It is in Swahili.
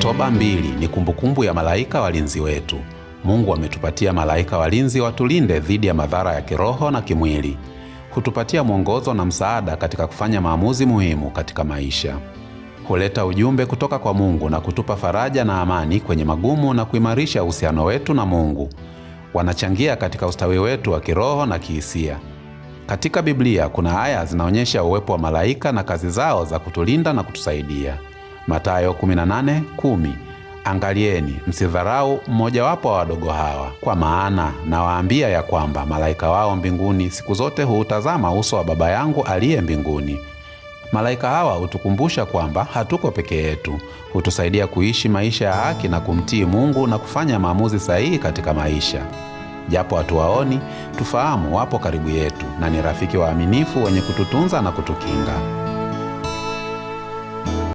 Oktoba 2 ni kumbukumbu ya malaika walinzi wetu. Mungu ametupatia malaika walinzi watulinde dhidi ya madhara ya kiroho na kimwili. Hutupatia mwongozo na msaada katika kufanya maamuzi muhimu katika maisha. Huleta ujumbe kutoka kwa Mungu na kutupa faraja na amani kwenye magumu na kuimarisha uhusiano wetu na Mungu. Wanachangia katika ustawi wetu wa kiroho na kihisia. Katika Biblia kuna aya zinaonyesha uwepo wa malaika na kazi zao za kutulinda na kutusaidia. Matayo 18:10. Angalieni msidharau mmojawapo wa wadogo hawa, kwa maana nawaambia ya kwamba malaika wao mbinguni siku zote huutazama uso wa Baba yangu aliye mbinguni. Malaika hawa hutukumbusha kwamba hatuko peke yetu, hutusaidia kuishi maisha ya haki na kumtii Mungu na kufanya maamuzi sahihi katika maisha. Japo hatuwaoni, tufahamu wapo karibu yetu na ni rafiki waaminifu wenye kututunza na kutukinga.